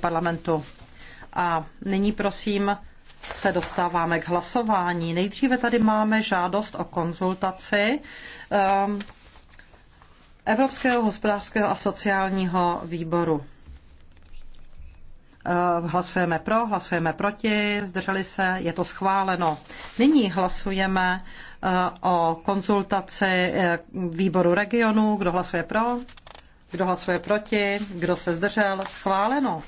parlamentu. A nyní prosím se dostáváme k hlasování. Nejdříve tady máme žádost o konzultaci um, Evropského hospodářského a sociálního výboru. Ehm, hlasujeme pro, hlasujeme proti, zdrželi se, je to schváleno. Nyní hlasujeme ehm, o konzultaci výboru regionu. Kdo hlasuje pro? Kdo hlasuje proti? Kdo se zdržel? Schváleno.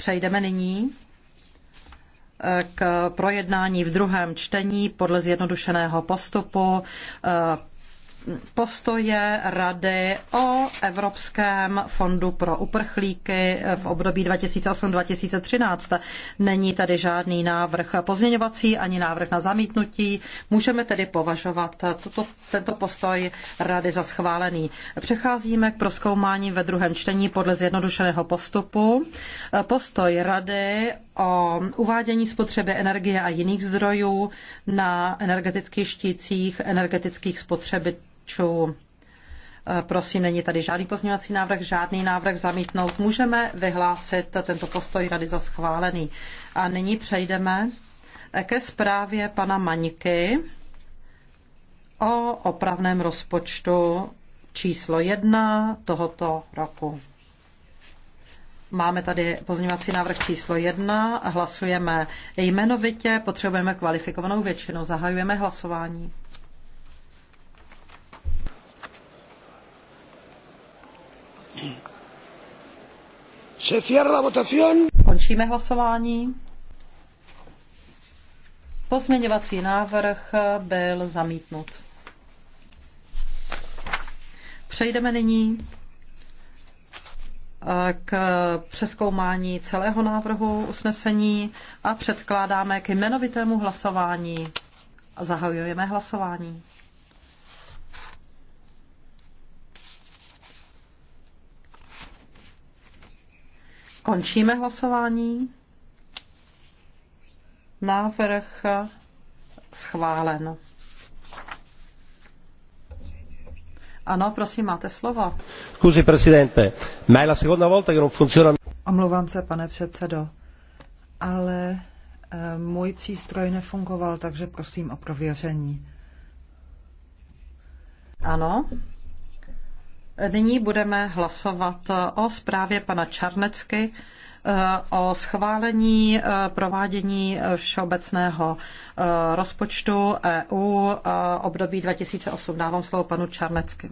Přejdeme nyní eh, k projednání v druhém čtení podle zjednodušeného postupu eh, postoje Rady o Evropském fondu pro uprchlíky v období 2008-2013. Není tady žádný návrh pozměňovací ani návrh na zamítnutí. Můžeme tedy považovat toto, tento postoj Rady za schválený. Přecházíme k proskoumání ve druhém čtení podle zjednodušeného postupu. Postoj Rady o uvádění spotřeby energie a jiných zdrojů na energetických štících energetických spotřebitelů hráčů. Eh, prosím, není tady žádný pozměňovací návrh, žádný návrh zamítnout. Můžeme vyhlásit tento postoj rady za schválený. A nyní přejdeme eh, ke zprávě pana Maniky o opravném rozpočtu číslo jedna tohoto roku. Máme tady pozměňovací návrh číslo jedna, hlasujeme jmenovitě, potřebujeme kvalifikovanou většinu, zahajujeme hlasování. Se cierra la Končíme hlasování. Pozměňovací návrh byl zamítnut. Přejdeme nyní eh, k přeskoumání celého návrhu usnesení a předkládáme k jmenovitému hlasování. Zahajujeme hlasování. Končíme hlasování. Návrh schválen. Ano, prosím, máte slovo. Scusi, presidente, ma la seconda volta che non funziona... Omlouvám se, pane předsedo, ale eh, můj přístroj nefungoval, takže prosím o prověření. Ano, Nyní budeme hlasovat eh, o zprávě pana Čarnecky eh, o schválení eh, provádění všeobecného rozpočtu EU období 2008. Dávám slovo panu Čarnecky.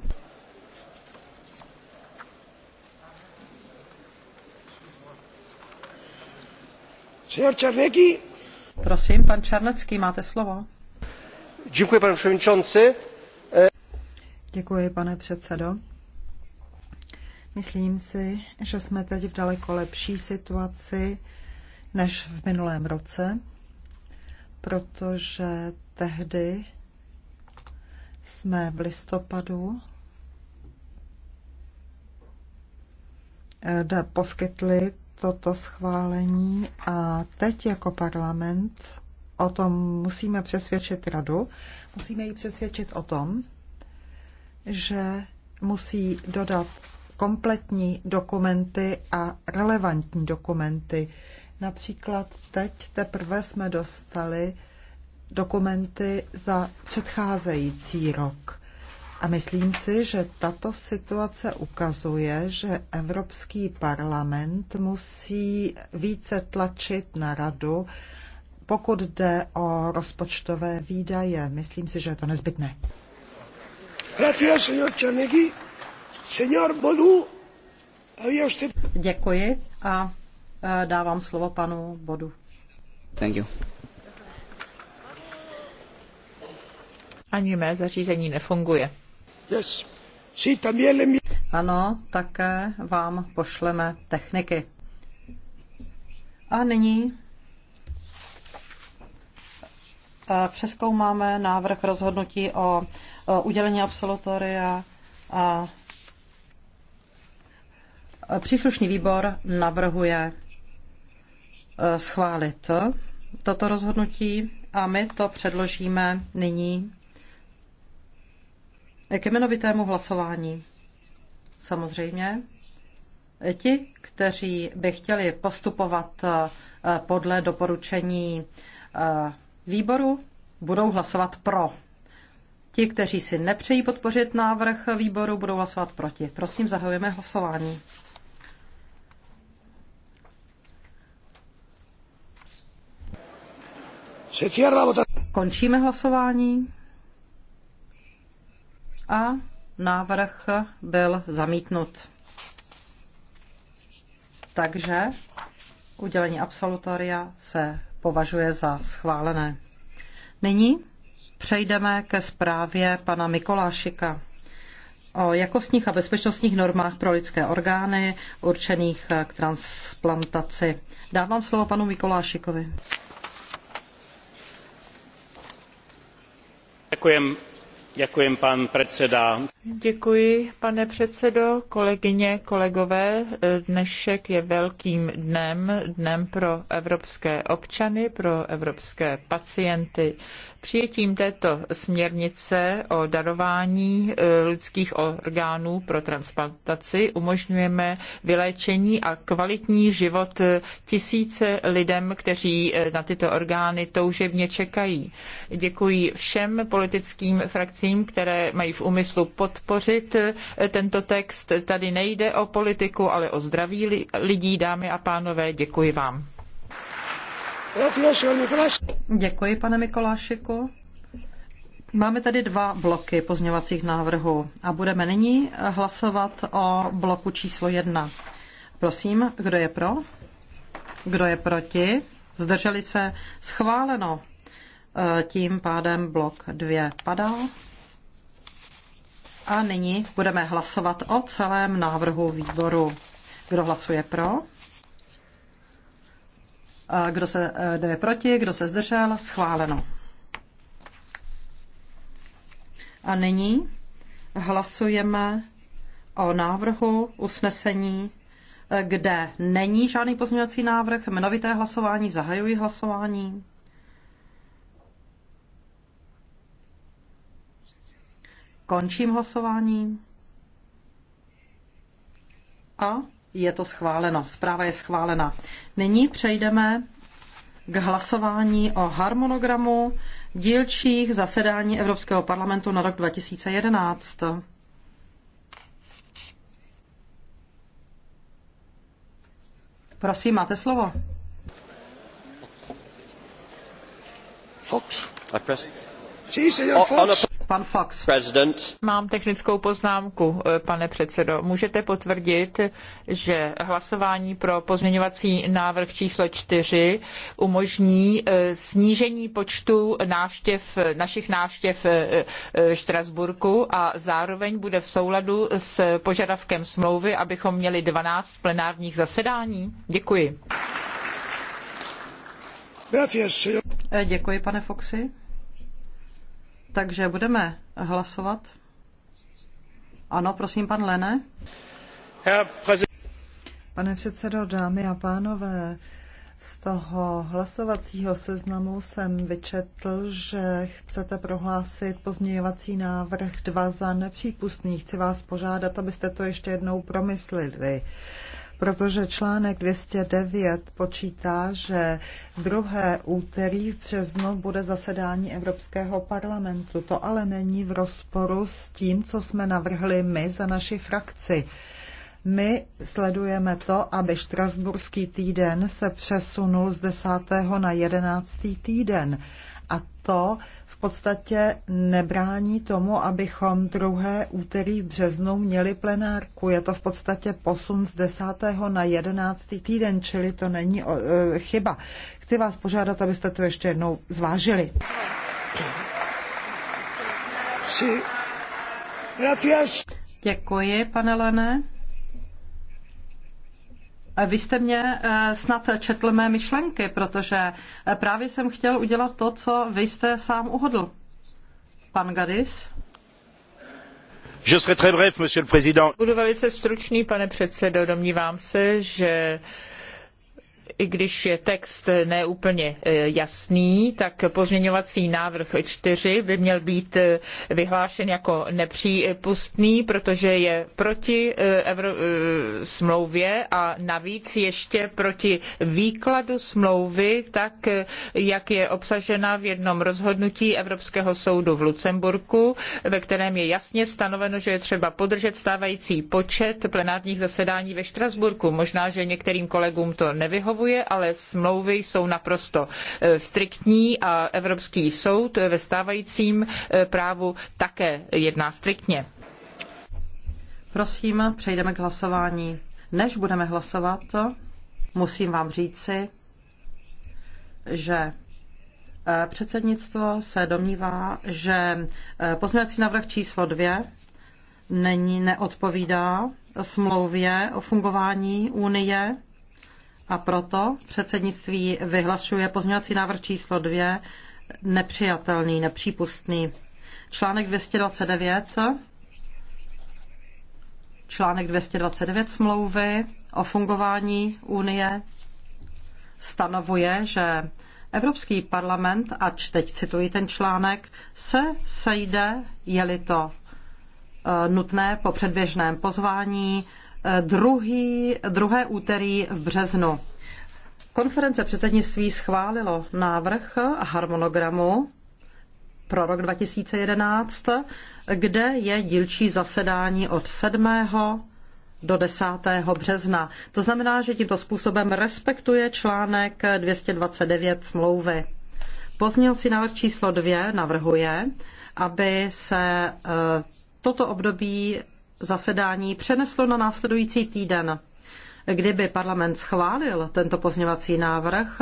Prosím, pan Čarnecký, máte slovo. Děkuji, pane Děkuji, pane předsedo. Myslím si, že jsme teď v daleko lepší situaci než v minulém roce, protože tehdy jsme v listopadu eh, poskytli toto schválení a teď jako parlament o tom musíme přesvědčit radu, musíme ji přesvědčit o tom, že musí dodat kompletní dokumenty a relevantní dokumenty. Například teď teprve jsme dostali dokumenty za předcházející rok. A myslím si, že tato situace ukazuje, že Evropský parlament musí více tlačit na radu, pokud jde o rozpočtové výdaje. Myslím si, že je to nezbytné. Gracias, señor Chanegui. Děkuji a e, dávám slovo panu Bodu. Thank you. Ani mé zařízení nefunguje. Yes. Sí, también le... Ano, také vám pošleme techniky. A nyní e, přeskoumáme návrh rozhodnutí o udělení absolutoria a Příslušný výbor navrhuje eh, schválit toto rozhodnutí a my to předložíme nyní k jmenovitému hlasování. Samozřejmě ti, kteří by chtěli postupovat eh, podle doporučení eh, výboru, budou hlasovat pro. Ti, kteří si nepřejí podpořit návrh výboru, budou hlasovat proti. Prosím, zahajujeme hlasování. Končíme hlasování. A návrh byl zamítnut. Takže udělení absolutoria se považuje za schválené. Nyní přejdeme ke zprávě pana Mikolášika o jakostních a bezpečnostních normách pro lidské orgány určených k transplantaci. Dávám slovo panu Mikolášikovi. ďakujem Děkuji, Děkuji, pane předsedo, kolegyně, kolegové. Dnešek je velkým dnem, dnem pro evropské občany, pro evropské pacienty. Přijetím této směrnice o darování eh, lidských orgánů pro transplantaci umožňujeme vyléčení a kvalitní život eh, tisíce lidem, kteří eh, na tyto orgány toužebně čekají. Děkuji všem politickým frakcím, frakcím, které mají v úmyslu podpořit eh, tento text. Tady nejde o politiku, ale o zdraví lidí, dámy a pánové. Děkuji vám. Děkuji, pane Mikolášiku. Máme tady dva bloky pozměňovacích návrhů a budeme nyní hlasovat o bloku číslo jedna. Prosím, kdo je pro? Kdo je proti? Zdrželi se? Schváleno. Eh, tím pádem blok dvě padá. A nyní budeme hlasovat o celém návrhu výboru. Kdo hlasuje pro? Kdo se e, jde proti? Kdo se zdržel? Schváleno. A nyní hlasujeme o návrhu usnesení, e, kde není žádný pozměňovací návrh. Jmenovité hlasování, zahajuji hlasování. Končím hlasování. A je to schváleno. Zpráva je schválena. Nyní přejdeme k hlasování o harmonogramu dílčích zasedání Evropského parlamentu na rok 2011. Prosím, máte slovo. Fox. I press. Sí, oh, Fox. Oh, no, Pan Fox. Mám technickou poznámku, eh, pane předsedo. Můžete potvrdit, že hlasování pro pozměňovací návrh číslo 4 umožní eh, snížení počtu návštěv, našich návštěv eh, Štrasburku a zároveň bude v souladu s požadavkem smlouvy, abychom měli 12 plenárních zasedání? Děkuji. Děkuji, pane Foxy. Takže budeme hlasovat. Ano, prosím, pan Lene. Pane předsedo, dámy a pánové, z toho hlasovacího seznamu jsem vyčetl, že chcete prohlásit pozměňovací návrh 2 za nepřípustný. Chci vás požádat, abyste to ještě jednou promyslili protože článek 209 počítá, že druhé úterý v březnu bude zasedání Evropského parlamentu. To ale není v rozporu s tím, co jsme navrhli my za naši frakci. My sledujeme to, aby štrasburský týden se přesunul z 10. na 11. týden. A to v podstatě nebrání tomu, abychom druhé úterý v březnu měli plenárku. Je to v podstatě posun z 10. na 11. týden, čili to není e, chyba. Chci vás požádat, abyste to ještě jednou zvážili. Děkuji, pane Lené. Vy jste mě eh, snad četl mé myšlenky, protože eh, právě jsem chtěl udělat to, co vy jste sám uhodl. Pan Gadis? Budu velice stručný, pane předsedo. Domnívám se, že i když je text neúplně e, jasný, tak pozměňovací návrh 4 by měl být e, vyhlášen jako nepřípustný, protože je proti e, Evro- smlouvě a navíc ještě proti výkladu smlouvy, tak jak je obsažena v jednom rozhodnutí Evropského soudu v Lucemburku, ve kterém je jasně stanoveno, že je třeba podržet stávající počet plenárních zasedání ve Štrasburku. Možná, že některým kolegům to nevyhovuje, neobsahuje, ale smlouvy jsou naprosto eh, striktní a Evropský soud ve stávajícím eh, právu také jedná striktně. Prosím, přejdeme k hlasování. Než budeme hlasovat, musím vám říci, že eh, předsednictvo se domnívá, že pozměňovací návrh číslo 2 není, neodpovídá smlouvě o fungování Unie a proto předsednictví vyhlašuje pozměňovací návrh číslo 2 nepřijatelný, nepřípustný. Článek 229 článek 229 smlouvy o fungování Unie stanovuje, že Evropský parlament, ač teď cituji ten článek, se sejde, je-li to eh, nutné po předběžném pozvání druhý, druhé úterý v březnu. Konference předsednictví schválilo návrh harmonogramu pro rok 2011, kde je dílčí zasedání od 7. do 10. března. To znamená, že tímto způsobem respektuje článek 229 smlouvy. Pozměňovací návrh číslo 2 navrhuje, aby se eh, toto období zasedání přeneslo na následující týden. Kdyby parlament schválil tento pozněvací návrh,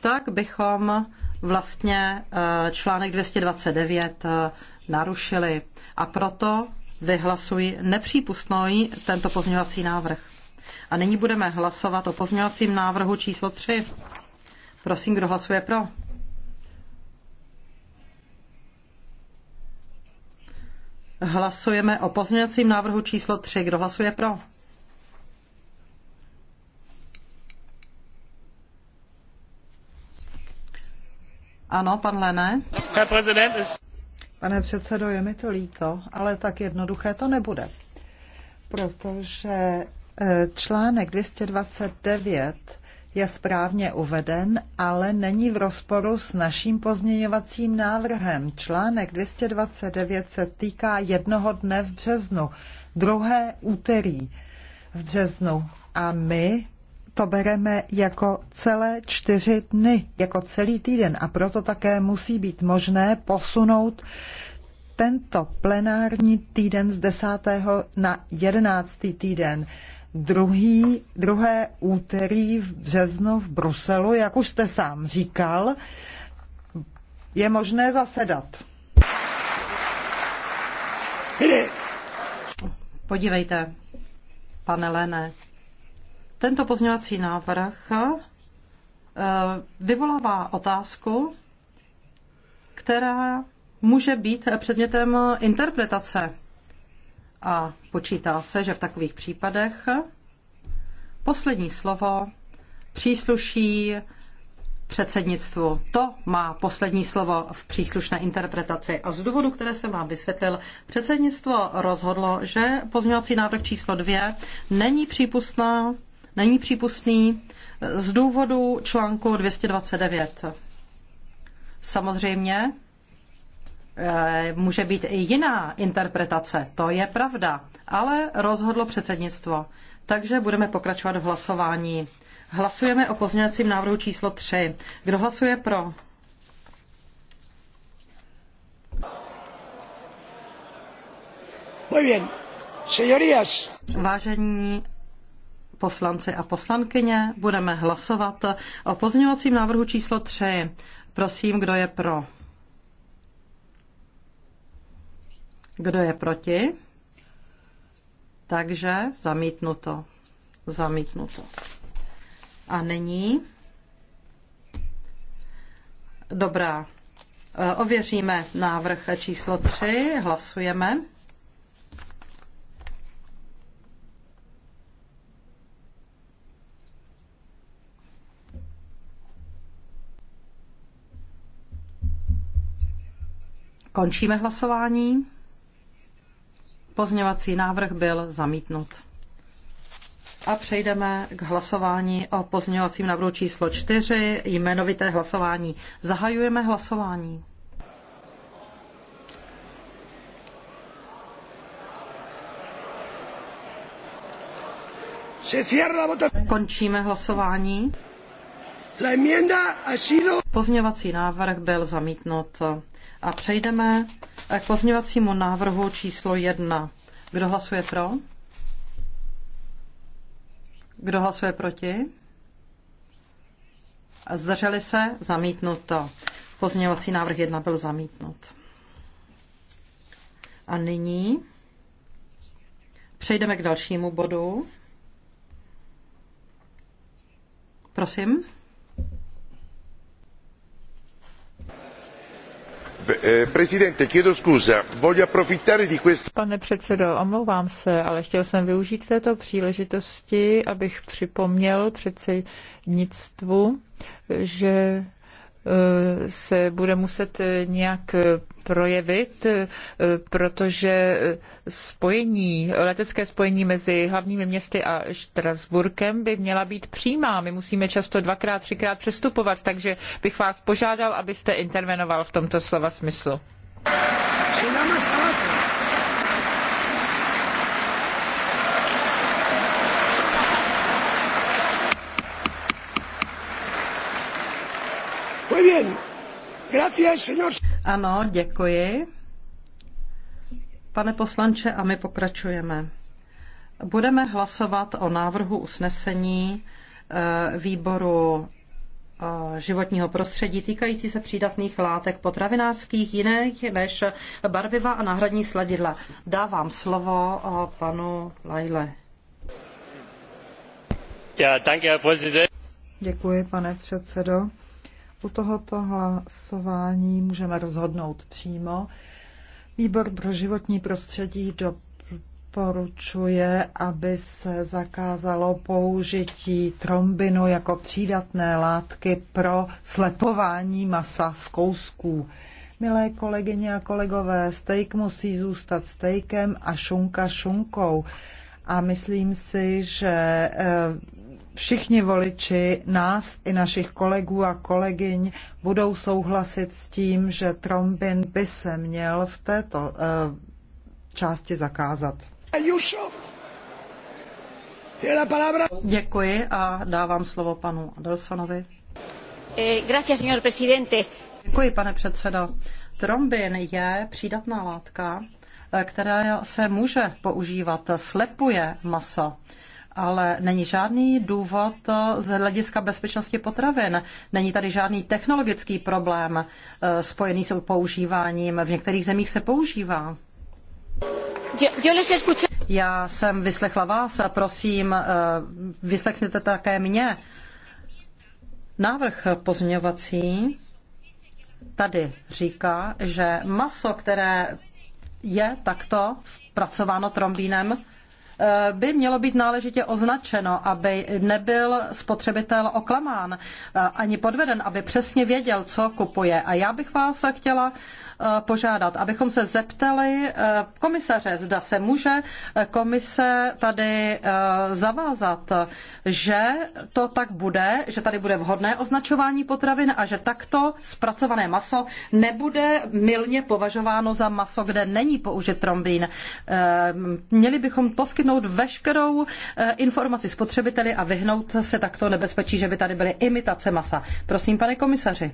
tak bychom vlastně eh, článek 229 eh, narušili. A proto vyhlasuji nepřípustný tento pozměňovací návrh. A nyní budeme hlasovat o pozměňovacím návrhu číslo 3. Prosím, kdo hlasuje pro? Hlasujeme o pozměňovacím návrhu číslo 3. Kdo hlasuje pro? Ano, pan Lené. Pane předsedo, je mi to líto, ale tak jednoduché to nebude. Protože eh, článek 229 je správně uveden, ale není v rozporu s naším pozměňovacím návrhem. Článek 229 se týká jednoho dne v březnu, druhé úterý v březnu. A my to bereme jako celé čtyři dny, jako celý týden. A proto také musí být možné posunout tento plenární týden z 10. na 11. týden druhý, druhé úterý v březnu v Bruselu, jak už jste sám říkal, je možné zasedat. Podívejte, pane Lene, tento pozňovací návrh eh, vyvolává otázku, která může být předmětem interpretace a počítá se, že v takových případech poslední slovo přísluší předsednictvu. To má poslední slovo v příslušné interpretaci. A z důvodu, které jsem vám vysvětlil, předsednictvo rozhodlo, že pozměňovací návrh číslo dvě není přípustná, není přípustný z důvodu článku 229. Samozřejmě Eh, může být i jiná interpretace, to je pravda, ale rozhodlo předsednictvo. Takže budeme pokračovat v hlasování. Hlasujeme o pozměňovacím návrhu číslo 3. Kdo hlasuje pro? Muy bien. Señorías. Vážení poslanci a poslankyně, budeme hlasovat o pozměňovacím návrhu číslo 3. Prosím, kdo je pro? Kdo je proti? Takže zamítnuto. Zamítnuto. A nyní. Dobrá. E, ověříme návrh číslo 3. Hlasujeme. Končíme hlasování. Pozměňovací návrh byl zamítnut. A přejdeme k hlasování o pozměňovacím návrhu číslo 4, jmenovité hlasování. Zahajujeme hlasování. Končíme hlasování. La enmienda ha sido... návrh byl zamítnut. A přejdeme k pozměňovacímu návrhu číslo 1. Kdo hlasuje pro? Kdo hlasuje proti? Zdrželi se? Zamítnuto. Pozměňovací návrh 1 byl zamítnut. A nyní přejdeme k dalšímu bodu. Prosím. Eh, Pane předsedající omlouvám se, ale chtěl jsem využít této příležitosti, abych připomněl předsednictvu, že se bude muset nějak projevit, protože spojení, letecké spojení mezi hlavními městy a Štrasburkem by měla být přímá. My musíme často dvakrát, třikrát přestupovat, takže bych vás požádal, abyste intervenoval v tomto slova smyslu. Ano, děkuji. Pane poslanče, a my pokračujeme. Budeme hlasovat o návrhu usnesení eh, výboru eh, životního prostředí týkající se přídatných látek potravinářských jiných než barviva a náhradní sladidla. Dávám slovo eh, panu Lajle. Ja, danke, Herr Děkuji, pane předsedo. U tohoto hlasování můžeme rozhodnout přímo. Výbor pro životní prostředí doporučuje, aby se zakázalo použití trombinu jako přídatné látky pro slepování masa z kousků. Milé kolegyně a kolegové, steak musí zůstat stejkem a šunka šunkou. A myslím si, že eh, všichni voliči nás i našich kolegů a kolegyň budou souhlasit s tím, že trombin by se měl v této eh, části zakázat. Děkuji a dávám slovo panu Adelsonovi. Eh, Děkuji, pane předsedo. Trombin je přídatná látka, eh, která se může používat, slepuje maso ale není žádný důvod z hlediska bezpečnosti potravin. Není tady žádný technologický problém eh, spojený s používáním. V některých zemích se používá. Já jsem vyslechla vás a prosím, eh, vyslechněte také mě. Návrh pozměňovací tady říká, že maso, které je takto zpracováno trombínem, by mělo být náležitě označeno, aby nebyl spotřebitel oklamán eh, ani podveden, aby přesně věděl, co kupuje. A já bych vás chtěla eh, požádat, abychom se zeptali eh, komisaře, zda se může komise tady zavázat, že to tak bude, že tady bude vhodné označování potravin a že takto zpracované maso nebude milně považováno za maso, kde není použit trombín. Měli bychom poskytnout poskytnout veškerou eh, informaci spotřebiteli a vyhnout se takto nebezpečí, že by tady byly imitace masa. Prosím, pane komisaři.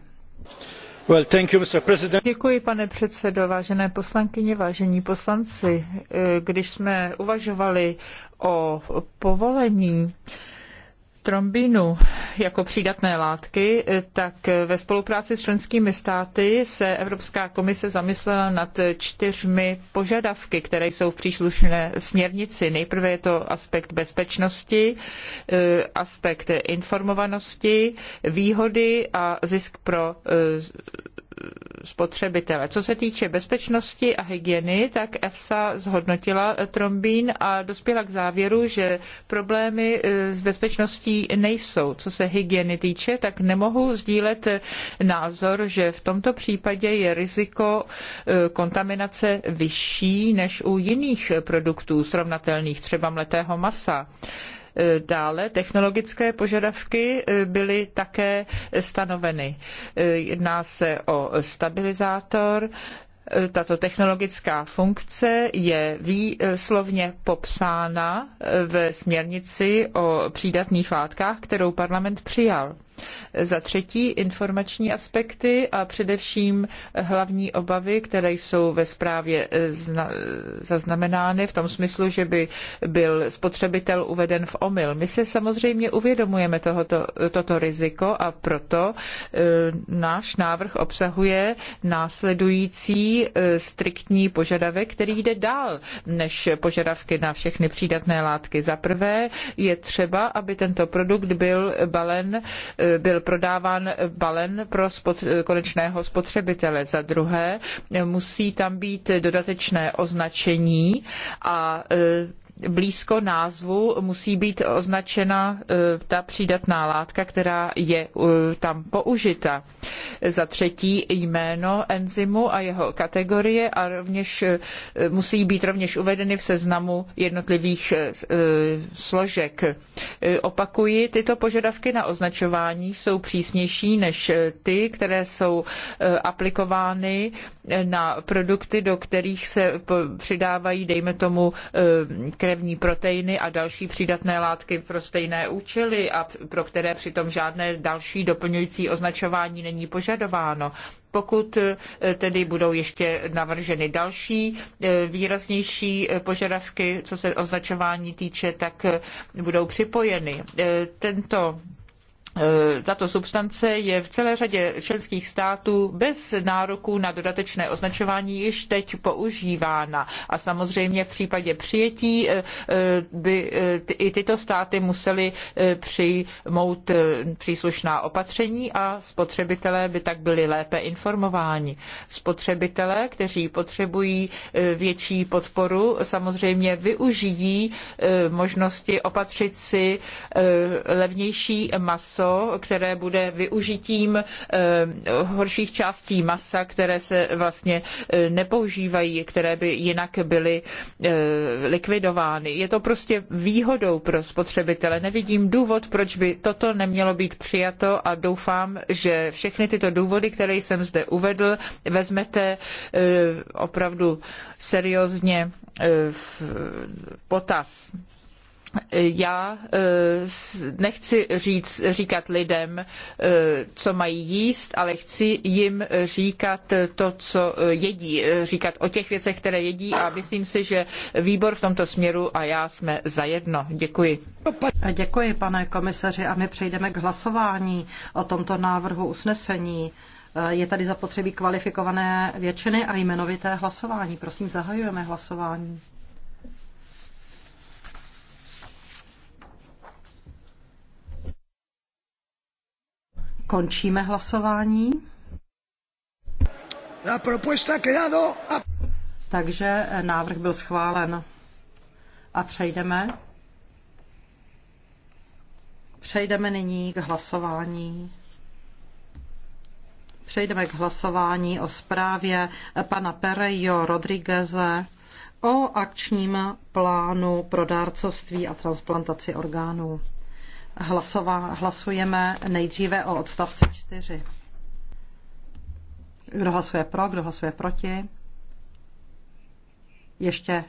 Well, you, Děkuji, pane předsedo, vážené poslankyně, vážení poslanci. Eh, když jsme uvažovali o povolení, trombinu jako přídatné látky, tak ve spolupráci s členskými státy se Evropská komise zamyslela nad čtyřmi požadavky, které jsou v příslušné směrnici. Nejprve je to aspekt bezpečnosti, eh, aspekt informovanosti, výhody a zisk pro eh, spotřebitele. Co se týče bezpečnosti a hygieny, tak EFSA zhodnotila eh, trombín a dospěla k závěru, že problémy eh, s bezpečností nejsou. Co se hygieny týče, tak nemohu sdílet eh, názor, že v tomto případě je riziko kontaminace vyšší než u jiných produktů srovnatelných, třeba mletého masa Dále technologické požadavky eh, byly také stanoveny. Eh, jedná se o stabilizátor, eh, tato technologická funkce je výslovně popsána ve směrnici o přídatných látkách, kterou parlament přijal. Za třetí informační aspekty a především hlavní obavy, které jsou ve zprávě eh, zaznamenány v tom smyslu, že by byl spotřebitel uveden v omyl. My se samozřejmě uvědomujeme tohoto, toto riziko a proto eh, náš návrh obsahuje následující eh, striktní požadavek, který jde dál než požadavky na všechny přídatné látky. Za prvé je třeba, aby tento produkt byl balen byl prodáván balen pro konečného spotřebitele. Za druhé, musí tam být dodatečné označení a blízko názvu musí být označena e, ta přídatná látka, která je e, tam použita. Za třetí jméno enzymu a jeho kategorie a rovněž e, musí být rovněž uvedeny v seznamu jednotlivých složek. Opakuji, tyto požadavky na označování jsou přísnější než ty, které jsou aplikovány na produkty, do kterých se přidávají, dejme tomu, krevní proteiny a další přídatné látky pro stejné účely a pro které přitom žádné další doplňující označování není požadováno. Pokud eh, tedy budou ještě navrženy další eh, výraznější eh, požadavky, co se označování týče, tak budou připojeny. Tento Eh, tato substance je v celé řadě členských států bez nároku na dodatečné označování již teď používána. A samozřejmě v případě přijetí eh, eh, by i tyto státy musely přijmout příslušná opatření a spotřebitelé by tak byli lépe informováni. Spotřebitelé, kteří potřebují větší podporu, samozřejmě využijí možnosti opatřit si levnější maso maso, které bude využitím eh, horších částí masa, které se vlastně eh, nepoužívají, které by jinak byly eh, likvidovány. Je to prostě výhodou pro spotřebitele. Nevidím důvod, proč by toto nemělo být přijato a doufám, že všechny tyto důvody, které jsem zde uvedl, vezmete opravdu seriózně v potaz já eh, nechci říct, říkat lidem, eh, co mají jíst, ale chci jim říkat to, co jedí, eh, říkat o těch věcech, které jedí a myslím si, že výbor v tomto směru a já jsme zajedno. Děkuji. Děkuji, pane komisaři, a my přejdeme k hlasování o tomto návrhu usnesení. Je tady zapotřebí kvalifikované většiny a jmenovité hlasování. Prosím, zahajujeme hlasování. Končíme hlasování. La propuesta quedado a... Takže eh, návrh byl schválen. A přejdeme. Přejdeme nyní k hlasování. Přejdeme k hlasování o zprávě eh, pana Perejo Rodrigueze o akčním plánu pro dárcovství a transplantaci orgánů. Hlasová, hlasujeme nejdříve o odstavci 4. Kdo hlasuje pro, kdo hlasuje proti? Ještě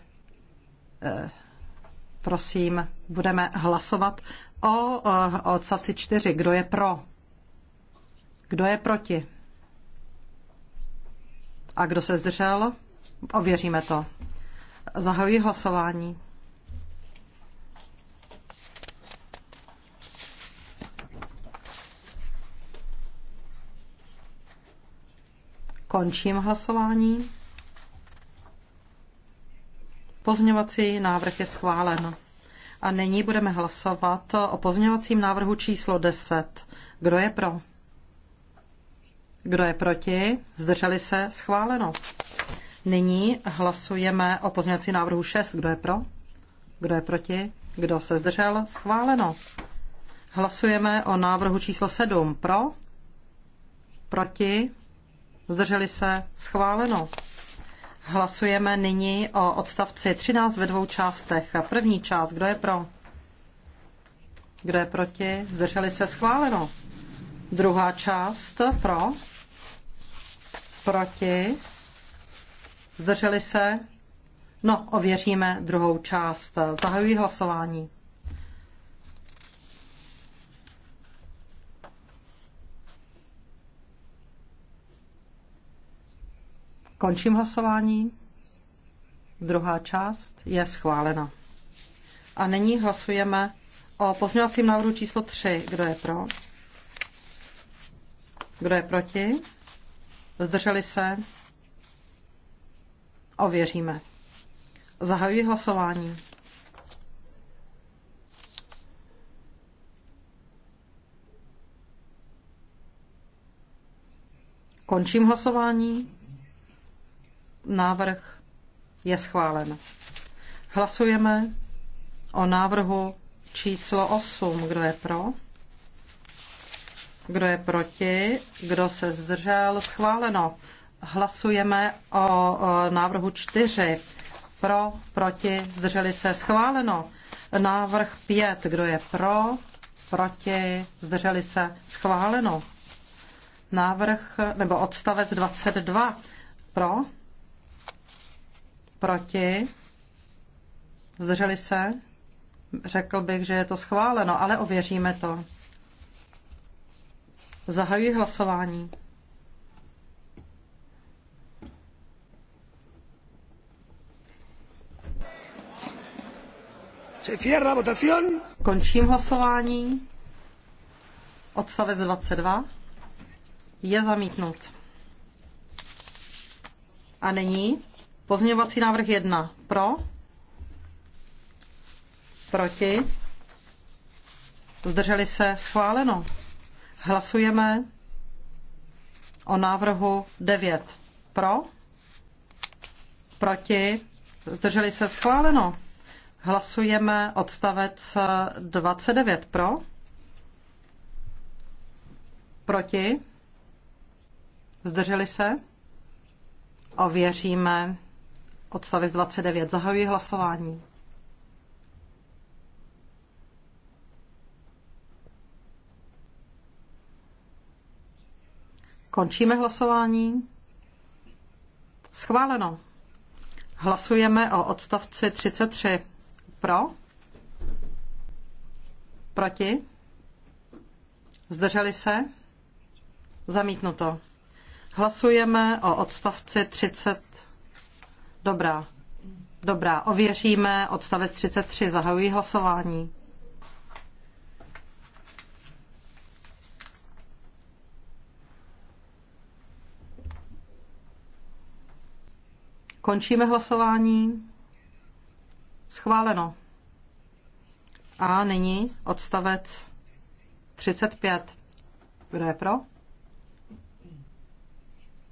eh, prosím, budeme hlasovat o, o eh, odstavci 4. Kdo je pro? Kdo je proti? A kdo se zdržel? Ověříme to. Zahajuji hlasování. Končím hlasování. Pozměňovací návrh je schválen. A nyní budeme hlasovat o pozměňovacím návrhu číslo 10. Kdo je pro? Kdo je proti? Zdrželi se? Schváleno. Nyní hlasujeme o pozměňovací návrhu 6. Kdo je pro? Kdo je proti? Kdo se zdržel? Schváleno. Hlasujeme o návrhu číslo 7. Pro? Proti? Zdrželi se? Schváleno. Hlasujeme nyní o odstavci 13 ve dvou částech. První část, kdo je pro? Kdo je proti? Zdrželi se? Schváleno. Druhá část, pro? Proti? Zdrželi se? No, ověříme druhou část. Zahajuji hlasování. Končím hlasování. Druhá část je schválena. A nyní hlasujeme o pozměňovacím návrhu číslo 3. Kdo je pro? Kdo je proti? Zdrželi se? Ověříme. Zahajuji hlasování. Končím hlasování. Návrh je schválen. Hlasujeme o návrhu číslo 8. Kdo je pro? Kdo je proti? Kdo se zdržel? Schváleno. Hlasujeme o návrhu 4. Pro, proti, zdrželi se. Schváleno. Návrh 5. Kdo je pro? Proti, zdrželi se. Schváleno. Návrh nebo odstavec 22. Pro, proti, zdrželi se. Řekl bych, že je to schváleno, ale ověříme to. Zahajuji hlasování. Končím hlasování. Odstavec 22 je zamítnut. A nyní Pozměňovací návrh 1 pro, proti, zdrželi se, schváleno. Hlasujeme o návrhu 9 pro, proti, zdrželi se, schváleno. Hlasujeme odstavec 29 pro, proti, zdrželi se, ověříme odstavec 29. Zahajuji hlasování. Končíme hlasování. Schváleno. Hlasujeme o odstavci 33. Pro? Proti? Zdrželi se? Zamítnuto. Hlasujeme o odstavci 30, Dobrá. Dobrá, ověříme odstavec 33. Zahajuji hlasování. Končíme hlasování. Schváleno. A nyní odstavec 35. Kdo je pro?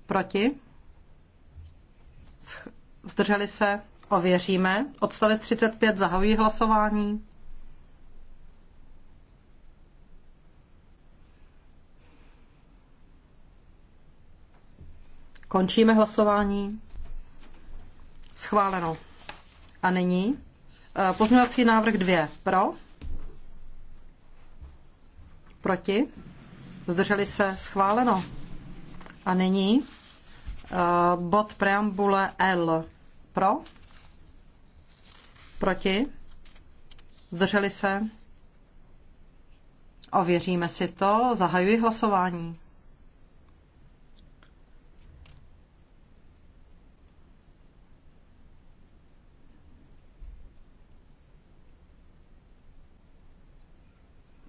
Proti? Zdrželi se? Ověříme. Odstavec 35 zahojí hlasování. Končíme hlasování. Schváleno. A nyní eh, pozměňovací návrh 2. Pro? Proti? Zdrželi se? Schváleno. A nyní Eh, bod preambule L. Pro? Proti? Zdrželi se? Ověříme si to. Zahajuji hlasování.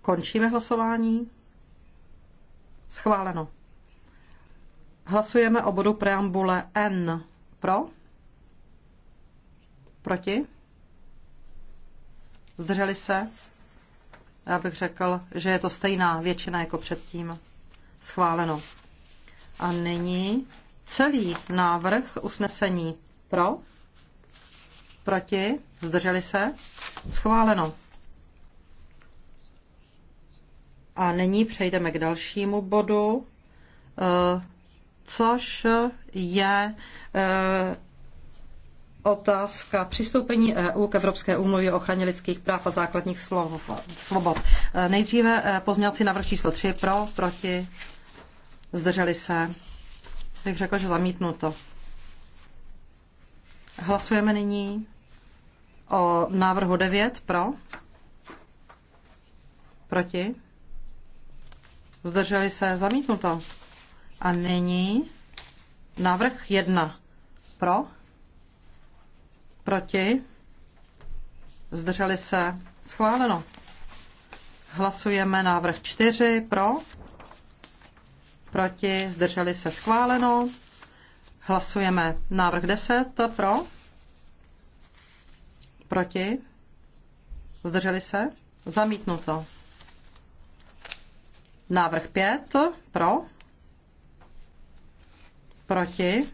Končíme hlasování. Schváleno. Hlasujeme o bodu preambule N. Pro? Proti? Zdrželi se? Já bych řekl, že je to stejná většina jako předtím. Schváleno. A nyní celý návrh usnesení pro, proti, zdrželi se, schváleno. A nyní přejdeme k dalšímu bodu. Eh, což je eh, otázka přistoupení EU k Evropské úmluvě o ochraně lidských práv a základních svobod. Eh, nejdříve eh, pozměňovací návrh číslo 3 pro, proti, zdrželi se. Bych řekl, že zamítnuto. Hlasujeme nyní o návrhu 9 pro, proti, zdrželi se, zamítnuto. A nyní návrh jedna Pro? Proti? Zdrželi se? Schváleno. Hlasujeme návrh čtyři Pro? Proti? Zdrželi se? Schváleno. Hlasujeme návrh deset Pro? Proti? Zdrželi se? Zamítnuto. Návrh 5. Pro? Proti?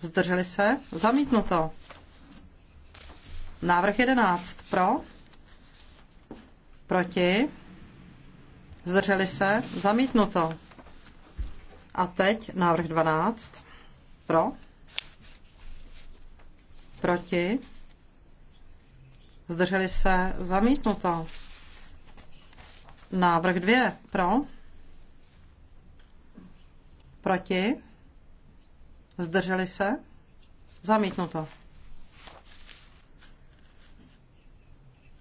Zdrželi se? Zamítnuto. Návrh 11. Pro? Proti? Zdrželi se? Zamítnuto. A teď návrh 12. Pro? Proti? Zdrželi se? Zamítnuto. Návrh 2. Pro? Proti? Zdrželi se? Zamítnuto.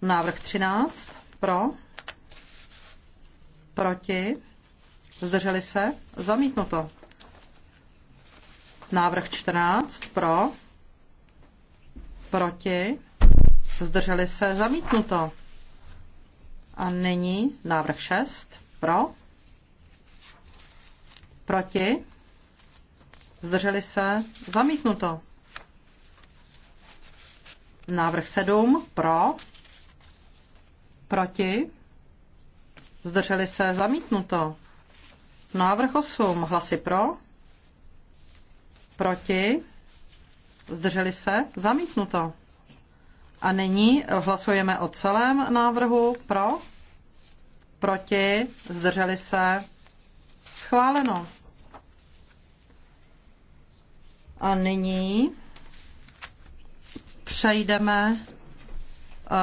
Návrh 13. Pro? Proti? Zdrželi se? Zamítnuto. Návrh 14. Pro? Proti? Zdrželi se? Zamítnuto. A nyní návrh 6. Pro? Proti? zdrželi se, zamítnuto. Návrh 7 pro, proti, zdrželi se, zamítnuto. Návrh 8 hlasy pro, proti, zdrželi se, zamítnuto. A nyní hlasujeme o celém návrhu pro, proti, zdrželi se, schváleno. A nyní přejdeme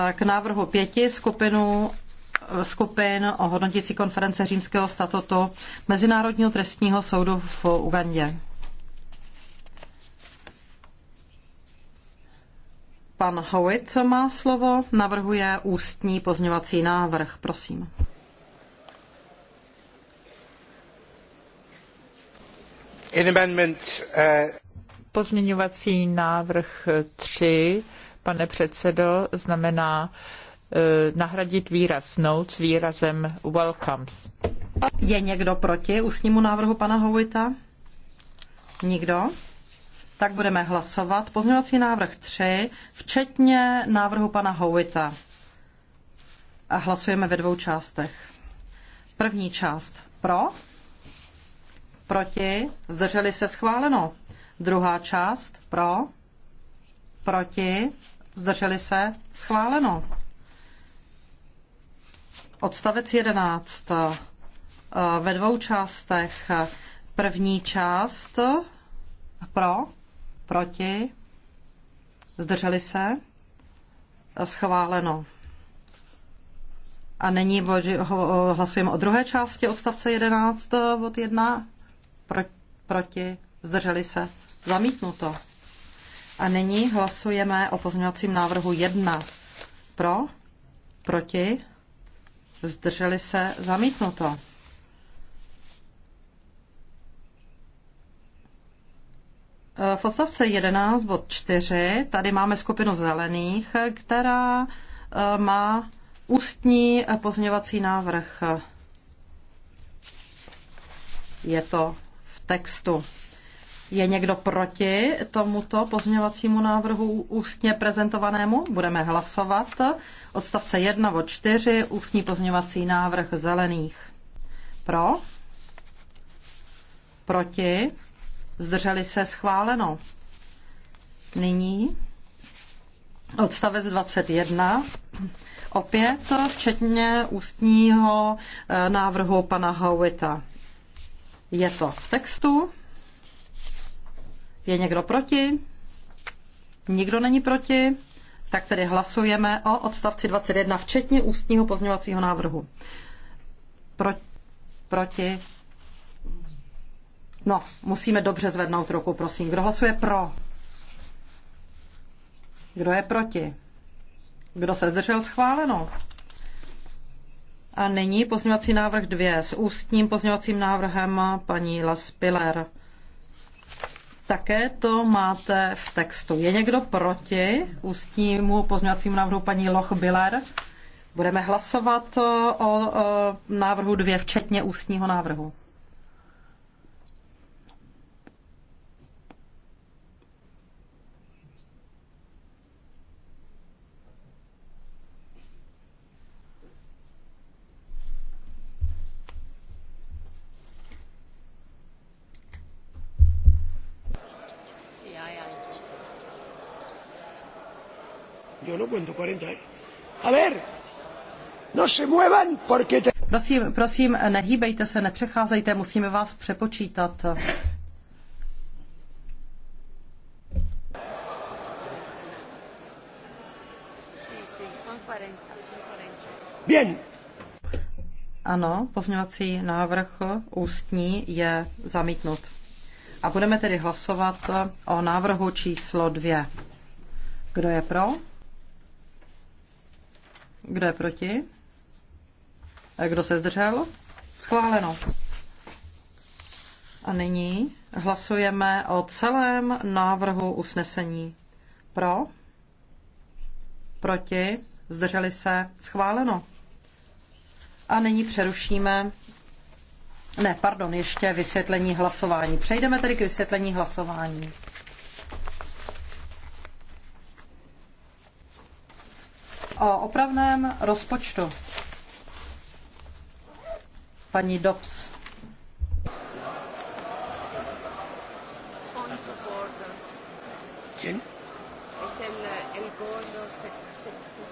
eh, k návrhu pěti skupinu, eh, skupin o hodnotící konference římského statutu Mezinárodního trestního soudu v Ugandě. Pan Howitt má slovo, navrhuje ústní pozměvací návrh. Prosím. In amendment, uh... Pozměňovací návrh 3, pane předsedo, znamená e, nahradit výraz notes výrazem welcomes. Je někdo proti ústnímu návrhu pana Howita? Nikdo? Tak budeme hlasovat. Pozměňovací návrh 3, včetně návrhu pana Howita. A hlasujeme ve dvou částech. První část pro, proti, zdrželi se schváleno. Druhá část pro, proti, zdrželi se, schváleno. Odstavec 11 eh, ve dvou částech. První část pro, proti, zdrželi se, schváleno. A nyní hlasujeme o druhé části odstavce 11 od 1 pro, proti, zdrželi se, Zamítnuto. A nyní hlasujeme o pozměňovacím návrhu 1. Pro? Proti? Zdrželi se? Zamítnuto. E, v odstavce 11 bod 4 tady máme skupinu zelených, která e, má ústní pozměňovací návrh. Je to v textu. Je někdo proti tomuto pozměňovacímu návrhu ústně prezentovanému? Budeme hlasovat. Odstavce 1 od 4, ústní pozměňovací návrh zelených. Pro? Proti? Zdrželi se schváleno. Nyní odstavec 21. Opět včetně ústního eh, návrhu pana Howita. Je to v textu. Je někdo proti? Nikdo není proti? Tak tedy hlasujeme o odstavci 21, včetně ústního pozměňovacího návrhu. Pro, proti? No, musíme dobře zvednout ruku, prosím. Kdo hlasuje pro? Kdo je proti? Kdo se zdržel schváleno? A nyní pozměňovací návrh 2 s ústním pozměňovacím návrhem paní Laspiller. Také to máte v textu. Je někdo proti ústnímu pozměňovacímu návrhu paní Loch Biller? Budeme hlasovat o návrhu dvě, včetně ústního návrhu. no cuento 40. ¿eh? A ver, no se muevan porque te... Prosím, prosím, nehýbejte se, nepřecházejte, musíme vás přepočítat. Bien. Ano, pozměňovací návrh ústní je zamítnut. A budeme tedy hlasovat o návrhu číslo dvě. Kdo je pro? Kdo je proti? A kdo se zdržel? Schváleno. A nyní hlasujeme o celém návrhu usnesení. Pro? Proti? Zdrželi se? Schváleno. A nyní přerušíme. Ne, pardon, ještě vysvětlení hlasování. Přejdeme tedy k vysvětlení hlasování. o opravném rozpočtu. Paní Dobs. Děkuji.